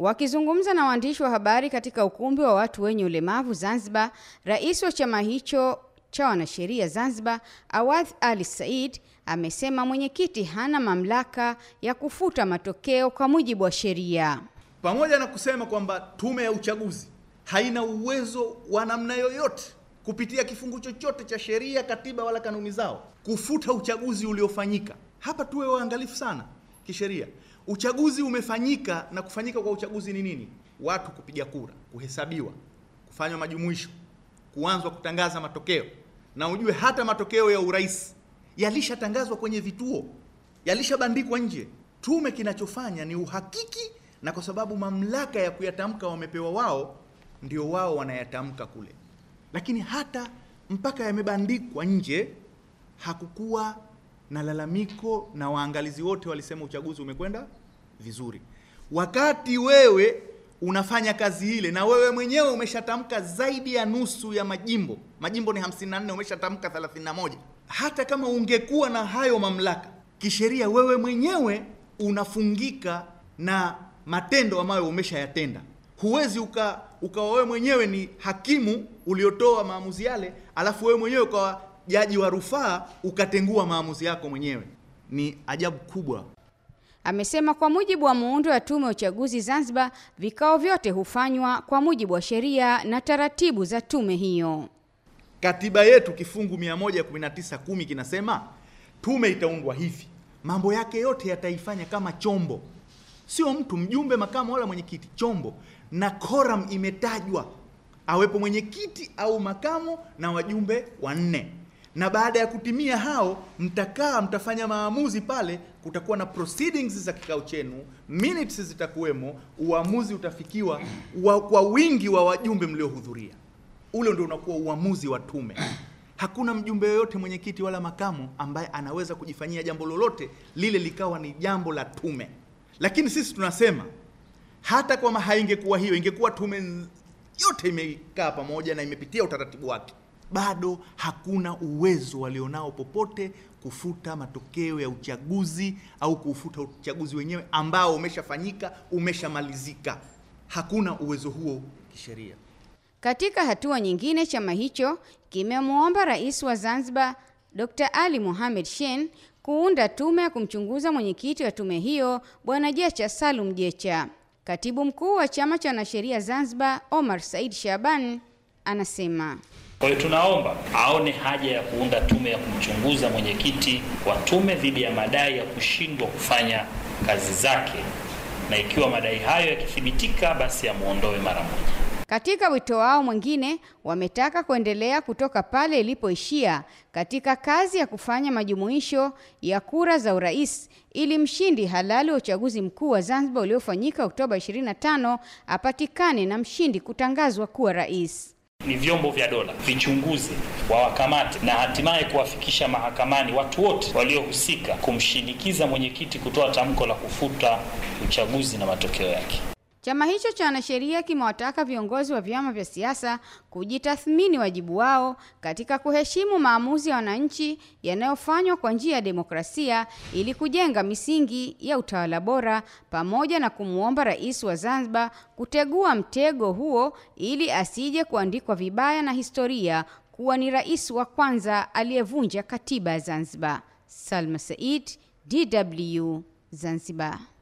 Wakizungumza na waandishi wa habari katika ukumbi wa watu wenye ulemavu Zanzibar, rais wa chama hicho cha wanasheria Zanzibar, Awadh Ali Said, amesema mwenyekiti hana mamlaka ya kufuta matokeo kwa mujibu wa sheria, pamoja na kusema kwamba tume ya uchaguzi haina uwezo wa namna yoyote kupitia kifungu chochote cha sheria, katiba wala kanuni zao kufuta uchaguzi uliofanyika. Hapa tuwe waangalifu sana kisheria. Uchaguzi umefanyika na kufanyika kwa uchaguzi ni nini? Watu kupiga kura, kuhesabiwa, kufanywa majumuisho, kuanzwa kutangaza matokeo. Na ujue hata matokeo ya urais yalishatangazwa kwenye vituo, yalishabandikwa nje. Tume kinachofanya ni uhakiki, na kwa sababu mamlaka ya kuyatamka wamepewa wao, ndio wao wanayatamka kule, lakini hata mpaka yamebandikwa nje hakukuwa na lalamiko, na waangalizi wote walisema uchaguzi umekwenda vizuri. Wakati wewe unafanya kazi ile na wewe mwenyewe umeshatamka zaidi ya nusu ya majimbo, majimbo ni 54, umeshatamka 31. Hata kama ungekuwa na hayo mamlaka kisheria, wewe mwenyewe unafungika na matendo ambayo umeshayatenda. Huwezi uka ukawa wewe mwenyewe ni hakimu uliotoa maamuzi yale, alafu wewe mwenyewe ukawa jaji wa rufaa ukatengua maamuzi yako mwenyewe. Ni ajabu kubwa. Amesema kwa mujibu wa muundo wa Tume ya Uchaguzi Zanzibar, vikao vyote hufanywa kwa mujibu wa sheria na taratibu za tume hiyo. Katiba yetu kifungu 119:10 kinasema tume itaundwa hivi, mambo yake yote yataifanya kama chombo, sio mtu, mjumbe, makamu wala mwenyekiti, chombo. Na koram imetajwa awepo mwenyekiti au makamu na wajumbe wanne na baada ya kutimia hao, mtakaa mtafanya maamuzi pale. Kutakuwa na proceedings za kikao chenu, minutes zitakuwemo, uamuzi utafikiwa wa, kwa wingi wa wajumbe mliohudhuria. Ule ndio unakuwa uamuzi wa tume. Hakuna mjumbe yoyote, mwenyekiti wala makamu, ambaye anaweza kujifanyia jambo lolote lile likawa ni jambo la tume. Lakini sisi tunasema hata kwama haingekuwa hiyo, ingekuwa tume yote imekaa pamoja na imepitia utaratibu wake bado hakuna uwezo walionao popote kufuta matokeo ya uchaguzi au kufuta uchaguzi wenyewe ambao umeshafanyika, umeshamalizika. Hakuna uwezo huo kisheria. Katika hatua nyingine, chama hicho kimemwomba Rais wa Zanzibar Dr. Ali Mohamed Shein kuunda tume ya kumchunguza mwenyekiti wa tume hiyo Bwana Jecha Salum Jecha. Katibu mkuu wa chama cha wanasheria Zanzibar Omar Said Shaban anasema kwa hiyo tunaomba aone haja ya kuunda tume ya kumchunguza mwenyekiti wa tume dhidi ya madai ya kushindwa kufanya kazi zake, na ikiwa madai hayo yakithibitika, basi amwondoe ya mara moja. Katika wito wao mwingine, wametaka kuendelea kutoka pale ilipoishia katika kazi ya kufanya majumuisho ya kura za urais ili mshindi halali wa uchaguzi mkuu wa Zanzibar uliofanyika Oktoba 25 apatikane na mshindi kutangazwa kuwa rais ni vyombo vya dola vichunguze, wawakamate na hatimaye kuwafikisha mahakamani watu wote waliohusika kumshinikiza mwenyekiti kutoa tamko la kufuta uchaguzi na matokeo yake. Chama hicho cha wanasheria kimewataka viongozi wa vyama vya siasa kujitathmini wajibu wao katika kuheshimu maamuzi ya wananchi yanayofanywa kwa njia ya demokrasia ili kujenga misingi ya utawala bora pamoja na kumwomba Rais wa Zanzibar kutegua mtego huo ili asije kuandikwa vibaya na historia kuwa ni rais wa kwanza aliyevunja katiba ya Zanzibar. Salma Said, DW, Zanzibar.